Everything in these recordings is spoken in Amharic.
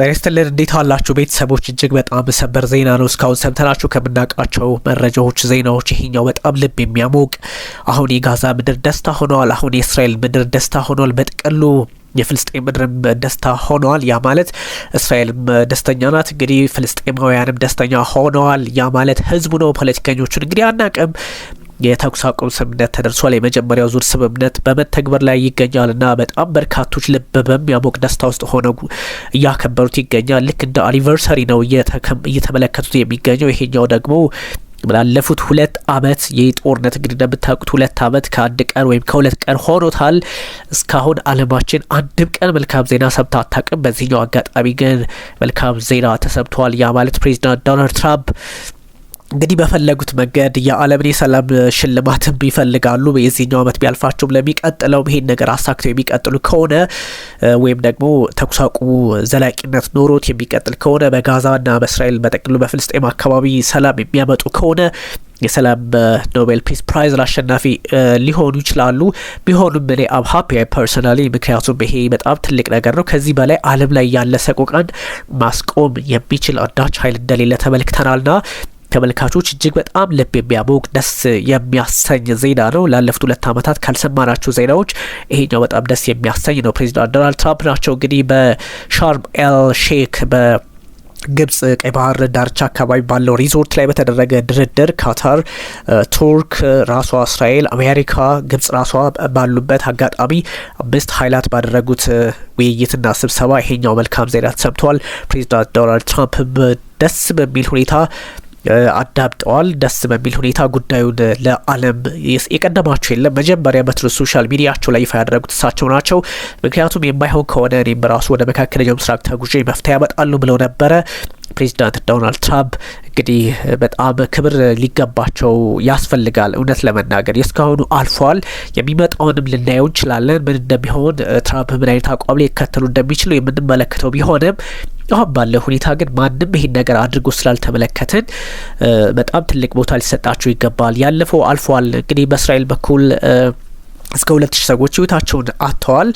ጤና ይስጥልን እንዴት አላችሁ ቤተሰቦች? እጅግ በጣም ሰበር ዜና ነው። እስካሁን ሰምተናችሁ ከምናውቃቸው መረጃዎች፣ ዜናዎች ይሄኛው በጣም ልብ የሚያሞቅ አሁን የጋዛ ምድር ደስታ ሆኗል። አሁን የእስራኤል ምድር ደስታ ሆኗል። በጥቅሉ የፍልስጤም ምድርም ደስታ ሆነዋል። ያ ማለት እስራኤልም ደስተኛ ናት። እንግዲህ ፍልስጤማውያንም ደስተኛ ሆነዋል። ያ ማለት ህዝቡ ነው። ፖለቲከኞቹን እንግዲህ አናቅም። የተኩስ አቁም ስምምነት ተደርሷል። የመጀመሪያው ዙር ስምምነት በመተግበር ላይ ይገኛልና በጣም በርካቶች ልብ በሚያሞቅ ደስታ ውስጥ ሆነው እያከበሩት ይገኛል። ልክ እንደ አኒቨርሰሪ ነው እየተመለከቱት የሚገኘው። ይሄኛው ደግሞ ላለፉት ሁለት አመት ይህ ጦርነት እንግዲህ እንደምታውቁት ሁለት አመት ከአንድ ቀን ወይም ከሁለት ቀን ሆኖታል። እስካሁን አለማችን አንድም ቀን መልካም ዜና ሰምታ አታውቅም። በዚህኛው አጋጣሚ ግን መልካም ዜና ተሰምተዋል። ያ ማለት ፕሬዚዳንት ዶናልድ ትራምፕ እንግዲህ በፈለጉት መንገድ የዓለምን የሰላም ሽልማትም ይፈልጋሉ። የዚህኛው ዓመት ቢያልፋቸውም ለሚቀጥለው ይሄን ነገር አሳክተው የሚቀጥሉ ከሆነ ወይም ደግሞ ተኩስ አቁሙ ዘላቂነት ኖሮት የሚቀጥል ከሆነ በጋዛና በእስራኤል በጠቅሉ በፍልስጤም አካባቢ ሰላም የሚያመጡ ከሆነ የሰላም ኖቤል ፒስ ፕራይዝ ለአሸናፊ ሊሆኑ ይችላሉ። ቢሆኑም እኔ አም ሀፒ ፐርሶናሊ፣ ምክንያቱም ይሄ በጣም ትልቅ ነገር ነው። ከዚህ በላይ አለም ላይ ያለ ሰቆቃን ማስቆም የሚችል አንዳች ኃይል እንደሌለ ተመልክተናልና ተመልካቾች እጅግ በጣም ልብ የሚያሞቅ ደስ የሚያሰኝ ዜና ነው። ላለፉት ሁለት ዓመታት ካልሰማናቸው ዜናዎች ይሄኛው በጣም ደስ የሚያሰኝ ነው። ፕሬዚዳንት ዶናልድ ትራምፕ ናቸው እንግዲህ በሻርም ኤል ሼክ በ ግብጽ ቀይ ባህር ዳርቻ አካባቢ ባለው ሪዞርት ላይ በተደረገ ድርድር ካታር፣ ቱርክ፣ ራሷ እስራኤል፣ አሜሪካ፣ ግብጽ ራሷ ባሉበት አጋጣሚ አምስት ኃይላት ባደረጉት ውይይትና ስብሰባ ይሄኛው መልካም ዜና ተሰምተዋል። ፕሬዚዳንት ዶናልድ ትራምፕ ደስ በሚል ሁኔታ አዳምጠዋል። ደስ በሚል ሁኔታ ጉዳዩን ለዓለም የቀደማቸው የለም። መጀመሪያ በትሩ ሶሻል ሚዲያቸው ላይ ይፋ ያደረጉት እሳቸው ናቸው። ምክንያቱም የማይሆን ከሆነ እኔም ራሱ ወደ መካከለኛው ምስራቅ ተጉዤ መፍትሄ ያመጣሉ ብለው ነበረ። ፕሬዚዳንት ዶናልድ ትራምፕ እንግዲህ በጣም ክብር ሊገባቸው ያስፈልጋል። እውነት ለመናገር የእስካሁኑ አልፏል። የሚመጣውንም ልናየው እንችላለን። ምን እንደሚሆን ትራምፕ ምን አይነት አቋም ላይ ይከተሉ እንደሚችሉ የምንመለከተው ቢሆንም አሁን ባለ ሁኔታ ግን ማንም ይሄን ነገር አድርጎ ስላልተመለከትን በጣም ትልቅ ቦታ ሊሰጣቸው ይገባል። ያለፈው አልፏል። እንግዲህ በእስራኤል በኩል እስከ ሁለት ሺህ ሰዎች ህይወታቸውን አጥተዋል።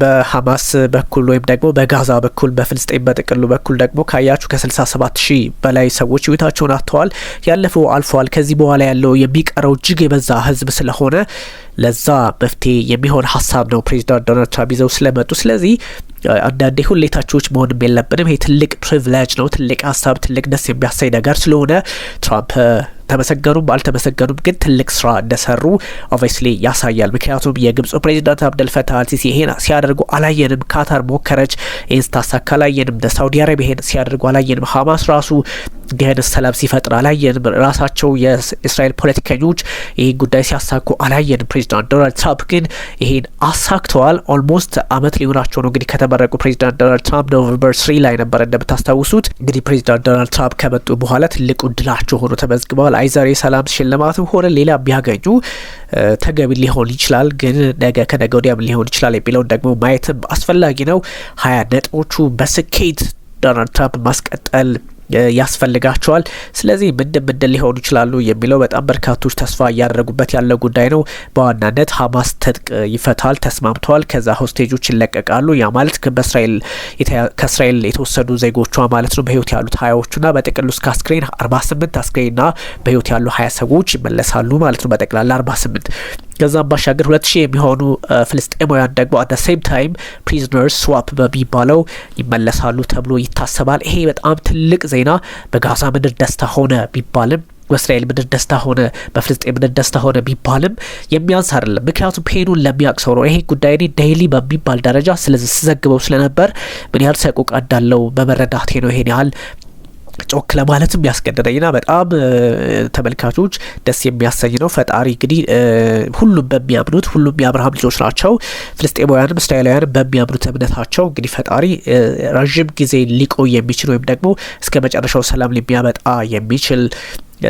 በሀማስ በኩል ወይም ደግሞ በጋዛ በኩል በፍልስጤን በጥቅሉ በኩል ደግሞ ካያችሁ ከስልሳ ሰባት ሺህ በላይ ሰዎች ህይወታቸውን አጥተዋል። ያለፈው አልፈዋል። ከዚህ በኋላ ያለው የሚቀረው እጅግ የበዛ ህዝብ ስለሆነ ለዛ መፍትሄ የሚሆን ሀሳብ ነው ፕሬዚዳንት ዶናልድ ትራምፕ ይዘው ስለመጡ። ስለዚህ አንዳንዴ ሁሌታችዎች መሆንም የለብንም። ይሄ ትልቅ ፕሪቪሌጅ ነው፣ ትልቅ ሀሳብ፣ ትልቅ ደስ የሚያሳይ ነገር ስለሆነ ትራምፕ ተመሰገኑም አልተመሰገኑም ግን ትልቅ ስራ እንደሰሩ ኦቨስሊ ያሳያል። ምክንያቱም የግብፁ ፕሬዚዳንት አብደልፈታ አልሲሲ ይሄን ሲያደርጉ አላየንም፣ ካታር ሞከረች፣ ይህን ስታሳካ አላየንም፣ ሳውዲ አረቢያ ይሄን ሲያደርጉ አላየንም፣ ሀማስ ራሱ እንዲህ ሰላም ሲፈጥር አላየን። ራሳቸው የእስራኤል ፖለቲከኞች ይህ ጉዳይ ሲያሳኩ አላየን። ፕሬዚዳንት ዶናልድ ትራምፕ ግን ይህን አሳክተዋል። ኦልሞስት አመት ሊሆናቸው ነው እንግዲህ ከተመረቁ ፕሬዚዳንት ዶናልድ ትራምፕ ኖቨምበር ስሪ ላይ ነበር እንደምታስታውሱት። እንግዲህ ፕሬዚዳንት ዶናልድ ትራምፕ ከመጡ በኋላ ትልቁ ድላቸው ሆኖ ተመዝግበዋል። አይዛሬ ሰላም ሽልማትም ሆነ ሌላ ቢያገኙ ተገቢ ሊሆን ይችላል፣ ግን ነገ ከነገ ወዲያም ሊሆን ይችላል የሚለውን ደግሞ ማየትም አስፈላጊ ነው። ሀያ ነጥቦቹ በስኬት ዶናልድ ትራምፕ ማስቀጠል ያስፈልጋቸዋል። ስለዚህ ምንድን ምንድን ሊሆኑ ይችላሉ የሚለው በጣም በርካቶች ተስፋ እያደረጉበት ያለ ጉዳይ ነው። በዋናነት ሀማስ ትጥቅ ይፈታል፣ ተስማምተዋል። ከዛ ሆስቴጆች ይለቀቃሉ። ያ ማለት በእስራኤል ከእስራኤል የተወሰዱ ዜጎቿ ማለት ነው በህይወት ያሉት ሀያዎቹና በጥቅሉ እስከ አስክሬን አርባ ስምንት አስክሬንና በህይወት ያሉ ሀያ ሰዎች ይመለሳሉ ማለት ነው። በጠቅላላ አርባ ስምንት ከዛም ባሻገር ሁለት ሺህ የሚሆኑ ፍልስጤማውያን ደግሞ አደ ሴም ታይም ፕሪዝነርስ ስዋፕ በሚባለው ይመለሳሉ ተብሎ ይታሰባል። ይሄ በጣም ትልቅ ዜና በጋዛ ምድር ደስታ ሆነ ቢባልም በእስራኤል ምድር ደስታ ሆነ በፍልስጤ ምድር ደስታ ሆነ ቢባልም የሚያንስ አይደለም። ምክንያቱም ፔኑን ለሚያውቅ ሰው ነው። ይሄ ጉዳይ እኔ ዴይሊ በሚባል ደረጃ ስለዚህ ስዘግበው ስለነበር ምን ያህል ሰቆቃ እንዳለው በመረዳቴ ነው ይሄን ያህል ጮክ ለማለትም ያስገደደኝና በጣም ተመልካቾች ደስ የሚያሰኝ ነው። ፈጣሪ እንግዲህ ሁሉም በሚያምኑት ሁሉም የአብርሃም ልጆች ናቸው። ፍልስጤማውያንም እስራኤላውያንም በሚያምኑት እምነታቸው እንግዲህ ፈጣሪ ረዥም ጊዜ ሊቆይ የሚችል ወይም ደግሞ እስከ መጨረሻው ሰላም ሊሚያመጣ የሚችል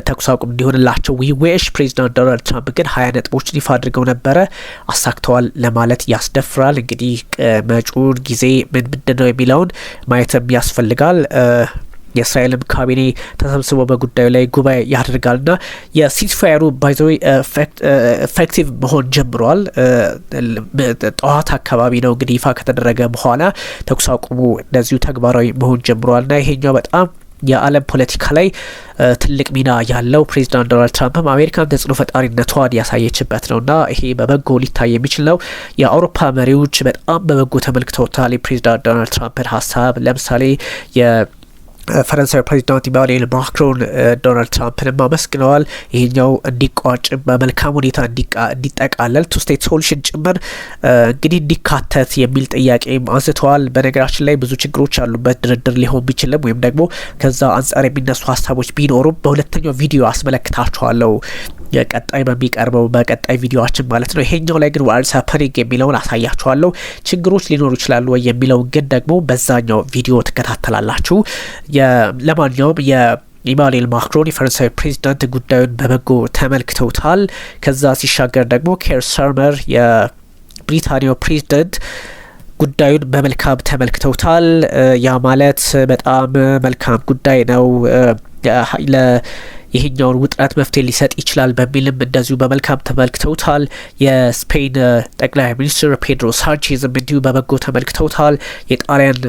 ተኩስ አቁም እንዲሆንላቸው ዊዌሽ ፕሬዚዳንት ዶናልድ ትራምፕ ግን ሀያ ነጥቦችን ይፋ አድርገው ነበረ አሳክተዋል ለማለት ያስደፍራል። እንግዲህ መጪውን ጊዜ ምን ምንድን ነው የሚለውን ማየትም ያስፈልጋል። የእስራኤልም ካቢኔ ተሰብስቦ በጉዳዩ ላይ ጉባኤ ና የሲስፋየሩ ባይዘዊ ኤፌክቲቭ መሆን ጀምረዋል። uh, ጠዋት አካባቢ ነው እንግዲህ ይፋ ከተደረገ በኋላ ተኩስ አቁሙ እንደዚሁ ተግባራዊ መሆን ና ይሄኛው በጣም የዓለም ፖለቲካ ላይ uh, ትልቅ ሚና ያለው ፕሬዚዳንት ዶናልድ ትራምፕም አሜሪካን ተጽዕኖ ፈጣሪነቷን ያሳየችበት እና ይሄ በበጎ ሊታይ የሚችል ነው። የአውሮፓ መሪዎች በጣም በበጎ ተመልክተውታል የፕሬዚዳንት ዶናልድ ትራምፕን ሀሳብ። ለምሳሌ ፈረንሳዊ ፕሬዚዳንት ኢማኑኤል ማክሮን ዶናልድ ትራምፕን አመስግነዋል። ይህኛው እንዲቋጭም በመልካም ሁኔታ እንዲጠቃለል ቱ ስቴት ሶሉሽን ጭምር እንግዲህ እንዲካተት የሚል ጥያቄም አንስተዋል። በነገራችን ላይ ብዙ ችግሮች አሉበት ድርድር ሊሆን ቢችልም ወይም ደግሞ ከዛ አንጻር የሚነሱ ሀሳቦች ቢኖሩም በሁለተኛው ቪዲዮ አስመለክታችኋለሁ። የቀጣይ በሚቀርበው በቀጣይ ቪዲዮችን ማለት ነው። ይሄኛው ላይ ግን ዋትስ ሀፐኒንግ የሚለውን አሳያችኋለሁ። ችግሮች ሊኖሩ ይችላሉ ወይ የሚለውን ግን ደግሞ በዛኛው ቪዲዮ ትከታተላላችሁ። ለማንኛውም ኢማኑኤል ማክሮን የፈረንሳዊ ፕሬዚዳንት ጉዳዩን በበጎ ተመልክተውታል። ከዛ ሲሻገር ደግሞ ኬር ሰርመር የብሪታንያው ፕሬዚደንት ጉዳዩን በመልካም ተመልክተውታል። ያ ማለት በጣም መልካም ጉዳይ ነው ይሄኛውን ውጥረት መፍትሄ ሊሰጥ ይችላል በሚልም እንደዚሁ በመልካም ተመልክተውታል። የስፔን ጠቅላይ ሚኒስትር ፔድሮ ሳንቼዝም እንዲሁ በበጎ ተመልክተውታል። የጣሊያን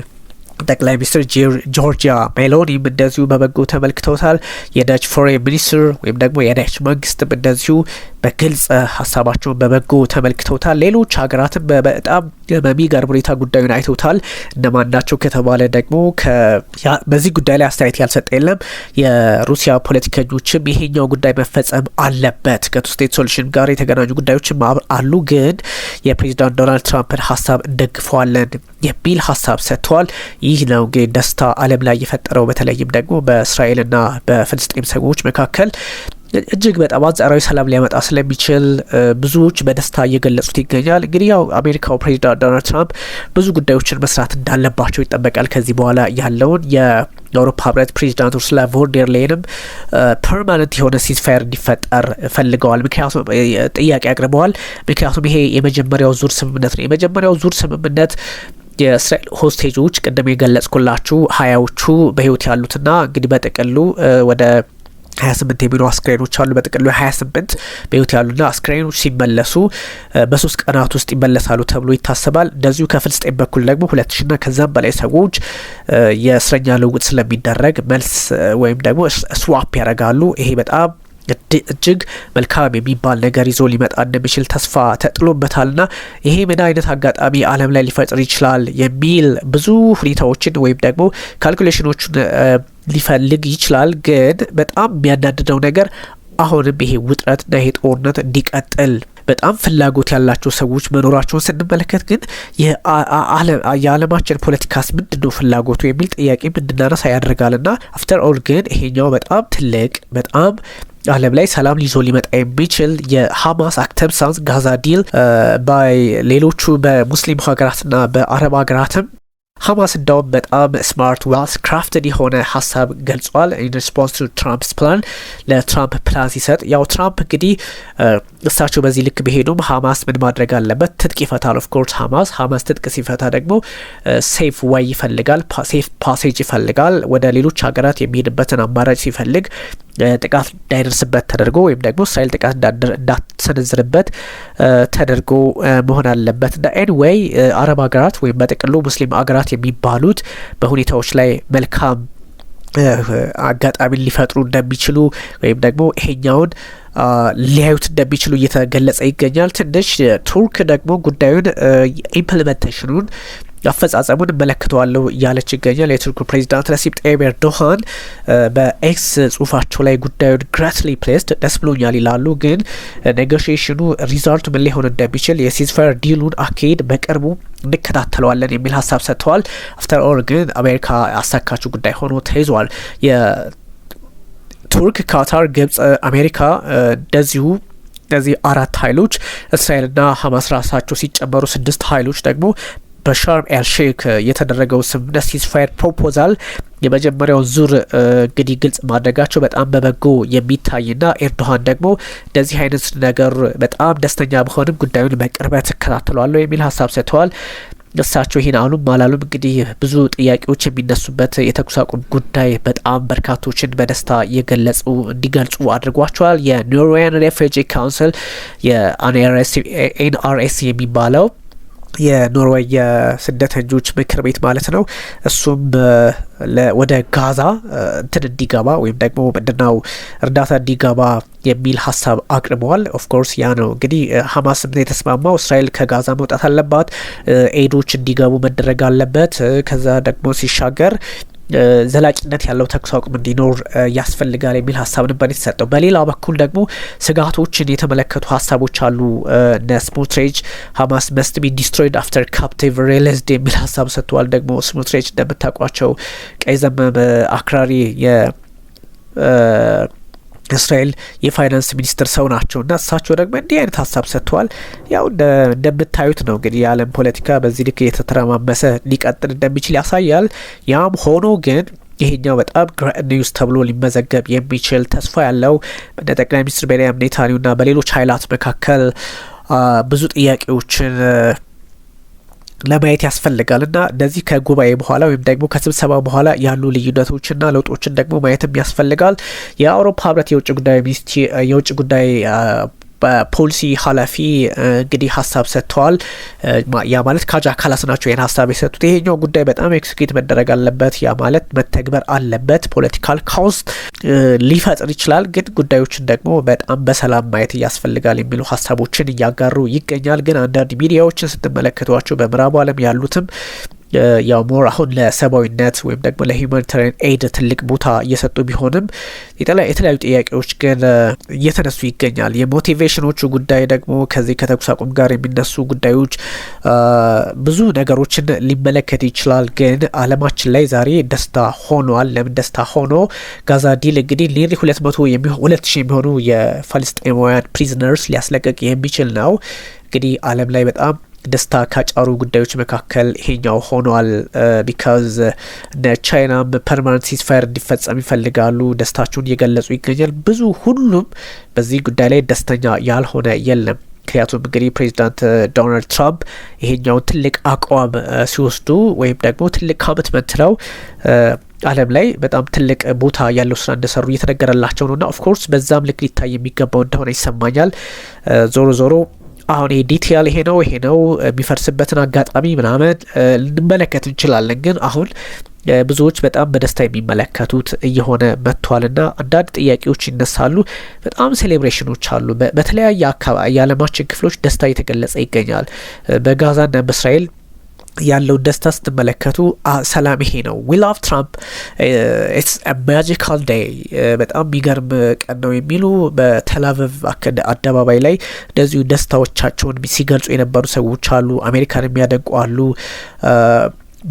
ጠቅላይ ሚኒስትር ጆርጂያ ሜሎኒም እንደዚሁ በበጎ ተመልክተውታል። የዳች ፎሬን ሚኒስትር ወይም ደግሞ የዳች መንግስትም እንደዚሁ በግልጽ ሀሳባቸውን በበጎ ተመልክተውታል። ሌሎች ሀገራት በጣም በሚገርም ሁኔታ ጉዳዩን አይተውታል። እነማን ናቸው ከተባለ ደግሞ በዚህ ጉዳይ ላይ አስተያየት ያልሰጠ የለም። የሩሲያ ፖለቲከኞችም ይሄኛው ጉዳይ መፈጸም አለበት ከቱ ስቴት ሶሉሽን ጋር የተገናኙ ጉዳዮችም አሉ፣ ግን የፕሬዚዳንት ዶናልድ ትራምፕን ሀሳብ እንደግፈዋለን የሚል ሀሳብ ሰጥተዋል። ይህ ነው እንግዲህ ደስታ ዓለም ላይ የፈጠረው በተለይም ደግሞ በእስራኤልና በፍልስጤም ሰዎች መካከል እጅግ በጣም አንጻራዊ ሰላም ሊያመጣ ስለሚችል ብዙዎች በደስታ እየገለጹት ይገኛል። እንግዲህ ያው አሜሪካው ፕሬዚዳንት ዶናልድ ትራምፕ ብዙ ጉዳዮችን መስራት እንዳለባቸው ይጠበቃል። ከዚህ በኋላ ያለውን የአውሮፓ ህብረት ፕሬዚዳንት ኡርሱላ ቮን ደር ላይንም ፐርማነንት የሆነ ሲዝፋየር እንዲፈጠር ፈልገዋል። ምክንያቱም ጥያቄ አቅርበዋል። ምክንያቱም ይሄ የመጀመሪያው ዙር ስምምነት ነው። የመጀመሪያው ዙር ስምምነት የእስራኤል ሆስቴጆች ቅድም የገለጽኩላችሁ ሀያዎቹ በህይወት ያሉትና እንግዲህ በጥቅሉ ወደ ሀያ ስምንት የሚሉ አስክሬኖች አሉ። በጥቅሉ ሀያ ስምንት በህይወት ያሉና አስክሬኖች ሲመለሱ በሶስት ቀናት ውስጥ ይመለሳሉ ተብሎ ይታሰባል። እንደዚሁ ከፍልስጤን በኩል ደግሞ ሁለት ሺና ከዛም በላይ ሰዎች የእስረኛ ልውውጥ ስለሚደረግ መልስ ወይም ደግሞ ስዋፕ ያደርጋሉ። ይሄ በጣም እጅግ መልካም የሚባል ነገር ይዞ ሊመጣ እንደሚችል ተስፋ ተጥሎበታልና ይሄ ምን አይነት አጋጣሚ ዓለም ላይ ሊፈጥር ይችላል የሚል ብዙ ሁኔታዎችን ወይም ደግሞ ካልኩሌሽኖቹን ሊፈልግ ይችላል። ግን በጣም የሚያናድደው ነገር አሁንም ይሄ ውጥረትና ይሄ ጦርነት እንዲቀጥል በጣም ፍላጎት ያላቸው ሰዎች መኖራቸውን ስንመለከት ግን የዓለማችን ፖለቲካስ ምንድን ነው ፍላጎቱ የሚል ጥያቄ እንድናነሳ ና አፍተር ኦል ግን ይሄኛው በጣም ትልቅ በጣም ዓለም ላይ ሰላም ሊዞ ሊመጣ የሚችል የሀማስ ሳንስ ጋዛ ዲል ሌሎቹ በሙስሊም ሀገራትና በአረብ ሀገራትም ሀማስ እንዳውም በጣም ስማርት ዋልስ ክራፍትን የሆነ ሀሳብ ገልጿል። ኢንሪስፖንስ ቱ ትራምፕስ ፕላን ለትራምፕ ፕላን ሲሰጥ ያው ትራምፕ እንግዲህ እሳቸው በዚህ ልክ ቢሄዱም ሀማስ ምን ማድረግ አለበት? ትጥቅ ይፈታል። ኦፍኮርስ ሀማስ ሀማስ ትጥቅ ሲፈታ ደግሞ ሴፍ ወይ ይፈልጋል፣ ሴፍ ፓሴጅ ይፈልጋል። ወደ ሌሎች ሀገራት የሚሄድበትን አማራጭ ሲፈልግ ጥቃት እንዳይደርስበት ተደርጎ ወይም ደግሞ እስራኤል ጥቃት እንዳትሰነዝርበት ተደርጎ መሆን አለበት እና ኤኒዌይ አረብ ሀገራት ወይም በጥቅሉ ሙስሊም ሀገራት የሚባሉት በሁኔታዎች ላይ መልካም አጋጣሚ ሊፈጥሩ እንደሚችሉ ወይም ደግሞ ይሄኛውን ሊያዩት እንደሚችሉ እየተገለጸ ይገኛል። ትንሽ ቱርክ ደግሞ ጉዳዩን ኢምፕሊመንቴሽኑን አፈጻጸሙን እመለከተዋለሁ እያለች ይገኛል። የቱርኩ ፕሬዚዳንት ረሲፕ ጣይብ ኤርዶሃን በኤክስ ጽሁፋቸው ላይ ጉዳዩን ግራትሊ ፕሌስድ ደስ ብሎኛል ይላሉ። ግን ኔጎሽሽኑ ሪዛልት ምን ሊሆን እንደሚችል የሲዝፈር ዲሉን አካሄድ በቅርቡ እንከታተለዋለን የሚል ሀሳብ ሰጥተዋል። አፍተር ኦል ግን አሜሪካ አሳካችው ጉዳይ ሆኖ ተይዟል። የቱርክ፣ ካታር፣ ግብጽ፣ አሜሪካ እንደዚሁ እነዚህ አራት ኃይሎች እስራኤልና ሀማስ ራሳቸው ሲጨመሩ ስድስት ኃይሎች ደግሞ በሻርም ኤልሼክ የተደረገው ስምምነት ሲስፋየር ፕሮፖዛል የመጀመሪያውን ዙር እንግዲህ ግልጽ ማድረጋቸው በጣም በበጎ የሚታይና ኤርዶሃን ደግሞ እንደዚህ አይነት ነገር በጣም ደስተኛ መሆንም ጉዳዩን በቅርበት እከታተለዋለሁ የሚል ሀሳብ ሰጥተዋል። እሳቸው ይህን አሉም አላሉም እንግዲህ ብዙ ጥያቄዎች የሚነሱበት የተኩስ አቁም ጉዳይ በጣም በርካቶችን በደስታ እየገለጹ እንዲገልጹ አድርጓቸዋል። የኖርዌያን ሬፍሬጂ ካውንስል የኤንአርኤስ የሚባለው የኖርዌይ የስደተኞች ምክር ቤት ማለት ነው። እሱም ወደ ጋዛ እንትን እንዲገባ ወይም ደግሞ ምንድነው እርዳታ እንዲገባ የሚል ሀሳብ አቅርበዋል። ኦፍኮርስ ያ ነው እንግዲህ ሀማስ የተስማማው እስራኤል ከጋዛ መውጣት አለባት፣ ኤዶች እንዲገቡ መደረግ አለበት። ከዛ ደግሞ ሲሻገር ዘላቂነት ያለው ተኩስ አቁም እንዲኖር ያስፈልጋል የሚል ሀሳብ ነበር የተሰጠው። በሌላ በኩል ደግሞ ስጋቶችን የተመለከቱ ሀሳቦች አሉ። እነ ስሞትሬጅ ሀማስ መስት ቢ ዲስትሮይድ አፍተር ካፕቲቭ ሪሊዝድ የሚል ሀሳብ ሰጥተዋል። ደግሞ ስሞትሬጅ እንደምታውቋቸው ቀይ ዘመም አክራሪ የ እስራኤል የፋይናንስ ሚኒስትር ሰው ናቸው እና እሳቸው ደግሞ እንዲህ አይነት ሀሳብ ሰጥተዋል። ያው እንደምታዩት ነው እንግዲህ የዓለም ፖለቲካ በዚህ ልክ የተተረማመሰ ሊቀጥል እንደሚችል ያሳያል። ያም ሆኖ ግን ይሄኛው በጣም ኒውስ ተብሎ ሊመዘገብ የሚችል ተስፋ ያለው እንደ ጠቅላይ ሚኒስትር ቤንያሚን ኔታንያሁና በሌሎች ኃይላት መካከል ብዙ ጥያቄዎችን ለማየት ያስፈልጋል እና እነዚህ ከጉባኤ በኋላ ወይም ደግሞ ከስብሰባ በኋላ ያሉ ልዩነቶችና ለውጦችን ደግሞ ማየትም ያስፈልጋል። የአውሮፓ ህብረት የውጭ ጉዳይ ሚኒስቴር የውጭ ጉዳይ በፖሊሲ ኃላፊ እንግዲህ ሀሳብ ሰጥተዋል። ያ ማለት ካጅ አካላት ናቸው ይህን ሀሳብ የሰጡት። ይሄኛው ጉዳይ በጣም ኤክስኪዩት መደረግ አለበት፣ ያ ማለት መተግበር አለበት። ፖለቲካል ካውስ ሊፈጥር ይችላል፣ ግን ጉዳዮችን ደግሞ በጣም በሰላም ማየት እያስፈልጋል የሚሉ ሀሳቦችን እያጋሩ ይገኛል። ግን አንዳንድ ሚዲያዎችን ስትመለከቷቸው በምዕራቡ ዓለም ያሉትም ያው ሞር አሁን ለሰብአዊነት ወይም ደግሞ ለሂማኒታሪያን ኤድ ትልቅ ቦታ እየሰጡ ቢሆንም የተለያዩ ጥያቄዎች ግን እየተነሱ ይገኛል። የሞቲቬሽኖቹ ጉዳይ ደግሞ ከዚህ ከተኩስ አቁም ጋር የሚነሱ ጉዳዮች ብዙ ነገሮችን ሊመለከት ይችላል። ግን አለማችን ላይ ዛሬ ደስታ ሆኗል። ለምን ደስታ ሆኖ ጋዛ ዲል እንግዲህ ኔሪ ሁለት መቶ ሁለት ሺህ የሚሆኑ የፋልስጤማውያን ፕሪዝነርስ ሊያስለቀቅ የሚችል ነው። እንግዲህ አለም ላይ በጣም ደስታ ካጫሩ ጉዳዮች መካከል ይሄኛው ሆኗል። ቢካዝ እነ ቻይናም ፐርማነንት ሲስፋየር እንዲፈጸም ይፈልጋሉ። ደስታቸውን እየገለጹ ይገኛል። ብዙ ሁሉም በዚህ ጉዳይ ላይ ደስተኛ ያልሆነ የለም። ምክንያቱም እንግዲህ ፕሬዚዳንት ዶናልድ ትራምፕ ይሄኛውን ትልቅ አቋም ሲወስዱ ወይም ደግሞ ትልቅ ካመት መትለው ዓለም ላይ በጣም ትልቅ ቦታ ያለው ስራ እንደሰሩ እየተነገረላቸው ነው እና ኦፍኮርስ በዛም ልክ ሊታይ የሚገባው እንደሆነ ይሰማኛል። ዞሮ ዞሮ አሁን ዲቴል ይሄ ነው ይሄ ነው የሚፈርስበትን አጋጣሚ ምናምን ልንመለከት እንችላለን። ግን አሁን ብዙዎች በጣም በደስታ የሚመለከቱት እየሆነ መጥቷልና አንዳንድ ጥያቄዎች ይነሳሉ። በጣም ሴሌብሬሽኖች አሉ። በተለያየ አካባቢ የዓለማችን ክፍሎች ደስታ እየተገለጸ ይገኛል። በጋዛና በእስራኤል ያለውን ደስታ ስትመለከቱ ሰላም ይሄ ነው። ዊ ላቭ ትራምፕ ኢትስ ማጂካል ዴይ በጣም የሚገርም ቀን ነው የሚሉ በተላቪቭ አደባባይ ላይ እንደዚሁ ደስታዎቻቸውን ሲገልጹ የነበሩ ሰዎች አሉ። አሜሪካን የሚያደንቁ አሉ።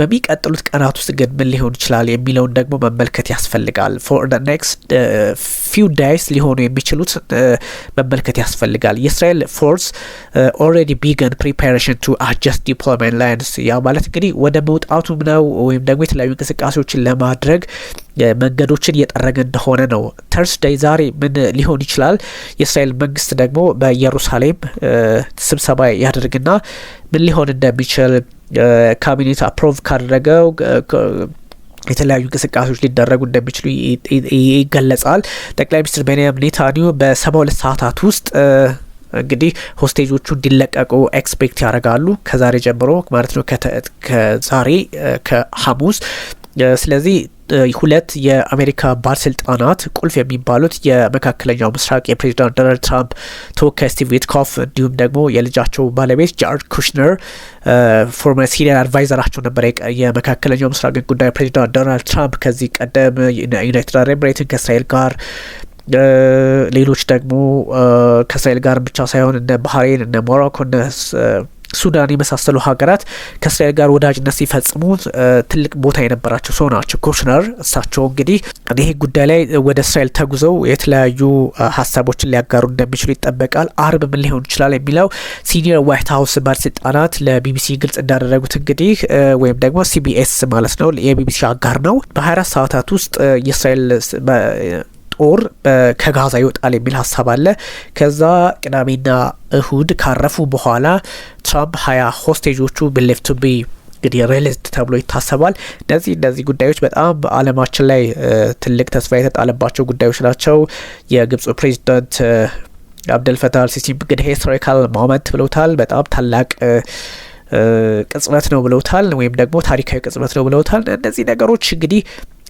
በሚቀጥሉት ቀናት ውስጥ ግን ምን ሊሆን ይችላል የሚለውን ደግሞ መመልከት ያስፈልጋል። ፎር ደ ኔክስት ፊው ዳይስ ሊሆኑ የሚችሉት uh, መመልከት ያስፈልጋል። የእስራኤል ፎርስ ኦልሬዲ ቢገን ፕሪፓሬሽን ቱ አጀስት ዲፕሎይመንት ላይንስ ያው ማለት እንግዲህ ወደ መውጣቱም ነው ወይም ደግሞ የተለያዩ እንቅስቃሴዎችን ለማድረግ uh, መንገዶችን እየጠረገ እንደሆነ ነው። ተርስደይ ዛሬ ምን ሊሆን ይችላል? የእስራኤል መንግስት ደግሞ በኢየሩሳሌም uh, ስብሰባ ያደርግና ምን ሊሆን እንደሚችል ካቢኔት አፕሮቭ ካደረገው የተለያዩ እንቅስቃሴዎች ሊደረጉ እንደሚችሉ ይገለጻል። ጠቅላይ ሚኒስትር ቤንያም ኔታንያሁ በሰባ ሁለት ሰዓታት ውስጥ እንግዲህ ሆስቴጆቹ እንዲለቀቁ ኤክስፔክት ያደርጋሉ ከዛሬ ጀምሮ ማለት ነው። ከዛሬ ከሐሙስ ስለዚህ ሁለት የአሜሪካ ባለስልጣናት ቁልፍ የሚባሉት የመካከለኛው ምስራቅ የፕሬዚዳንት ዶናልድ ትራምፕ ተወካይ ስቲቭ ዊትኮፍ እንዲሁም ደግሞ የልጃቸው ባለቤት ጃርድ ኩሽነር ፎርመር ሲኒየር አድቫይዘራቸው ነበረ። የመካከለኛው ምስራቅ ጉዳይ ፕሬዚዳንት ዶናልድ ትራምፕ ከዚህ ቀደም ዩናይትድ አረብ ኤምሬትን ከእስራኤል ጋር ሌሎች ደግሞ ከእስራኤል ጋር ብቻ ሳይሆን እነ ባህሬን፣ እነ ሞሮኮ፣ እነ ሱዳን የመሳሰሉ ሀገራት ከእስራኤል ጋር ወዳጅነት ሲፈጽሙ ትልቅ ቦታ የነበራቸው ሰው ናቸው ኩሽነር። እሳቸው እንግዲህ ይህ ጉዳይ ላይ ወደ እስራኤል ተጉዘው የተለያዩ ሀሳቦችን ሊያጋሩ እንደሚችሉ ይጠበቃል። አርብ ምን ሊሆን ይችላል የሚለው ሲኒየር ዋይት ሀውስ ባለስልጣናት ለቢቢሲ ግልጽ እንዳደረጉት እንግዲህ ወይም ደግሞ ሲቢኤስ ማለት ነው የቢቢሲ አጋር ነው በ24 ሰዓታት ውስጥ የእስራኤል ጦር ከጋዛ ይወጣል የሚል ሀሳብ አለ። ከዛ ቅዳሜና እሁድ ካረፉ በኋላ ትራምፕ ሀያ ሆስቴጆቹ ብሊቭ ቱ ቢ እንግዲህ ሬሊዝድ ተብሎ ይታሰባል። እነዚህ እነዚህ ጉዳዮች በጣም በአለማችን ላይ ትልቅ ተስፋ የተጣለባቸው ጉዳዮች ናቸው። የግብፁ ፕሬዚዳንት አብደልፈታ አልሲሲ እንግዲህ ሂስቶሪካል ሞመንት ብለውታል። በጣም ታላቅ ቅጽበት ነው ብለውታል። ወይም ደግሞ ታሪካዊ ቅጽበት ነው ብለውታል። እነዚህ ነገሮች እንግዲህ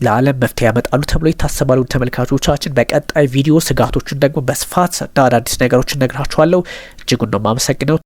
ለዓለም መፍትሄ ያመጣሉ ተብሎ ይታሰባሉ። ተመልካቾቻችን በቀጣይ ቪዲዮ ስጋቶችን ደግሞ በስፋት እና አዳዲስ ነገሮችን ነግራችኋለሁ። እጅጉን ነው የማመሰግነው።